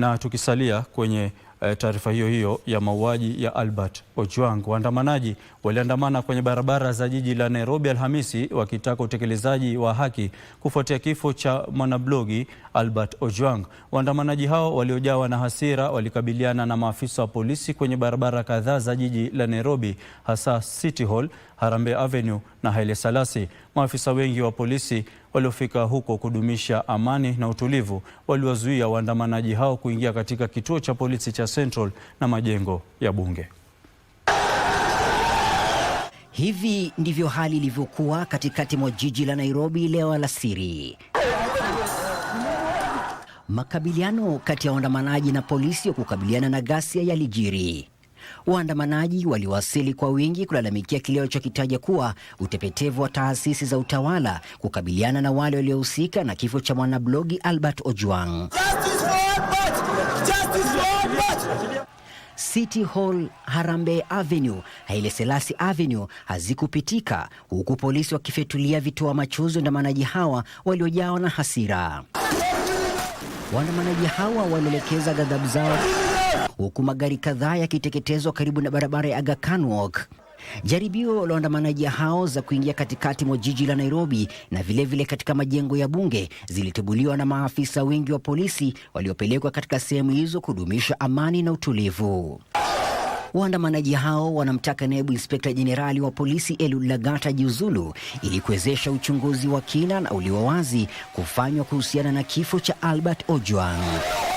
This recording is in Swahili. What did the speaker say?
Na tukisalia kwenye eh, taarifa hiyo hiyo ya mauaji ya Albert Ojwang, waandamanaji waliandamana kwenye barabara za jiji la Nairobi Alhamisi wakitaka utekelezaji wa haki kufuatia kifo cha mwanablogi Albert Ojwang. Waandamanaji hao waliojawa na hasira walikabiliana na maafisa wa polisi kwenye barabara kadhaa za jiji la Nairobi, hasa City Hall Harambee Avenue na Haile Selassie. Maafisa wengi wa polisi waliofika huko kudumisha amani na utulivu waliwazuia waandamanaji hao kuingia katika kituo cha polisi cha Central na majengo ya bunge. Hivi ndivyo hali ilivyokuwa katikati mwa jiji la Nairobi leo alasiri. Makabiliano kati ya waandamanaji na polisi wa kukabiliana na ghasia yalijiri. Waandamanaji waliwasili kwa wingi kulalamikia kile walichokitaja kuwa utepetevu wa taasisi za utawala kukabiliana na wale waliohusika na kifo cha mwanablogi Albert Ojwang. Albert! City Hall, Harambe Avenue, Haile Selasi Avenue hazikupitika huku polisi wakifyatulia vitoa wa machozi waandamanaji hawa waliojawa na hasira. Waandamanaji hawa walielekeza ghadhabu zao huku magari kadhaa yakiteketezwa karibu na barabara ya Aga Khan Walk. Jaribio la waandamanaji hao za kuingia katikati mwa jiji la Nairobi na vilevile vile katika majengo ya bunge zilitebuliwa na maafisa wengi wa polisi waliopelekwa katika sehemu hizo kudumisha amani na utulivu. Waandamanaji hao wanamtaka naibu inspekta jenerali wa polisi Eliud Lagata jiuzulu ili kuwezesha uchunguzi wa kina na uliowazi kufanywa kuhusiana na kifo cha Albert Ojwang.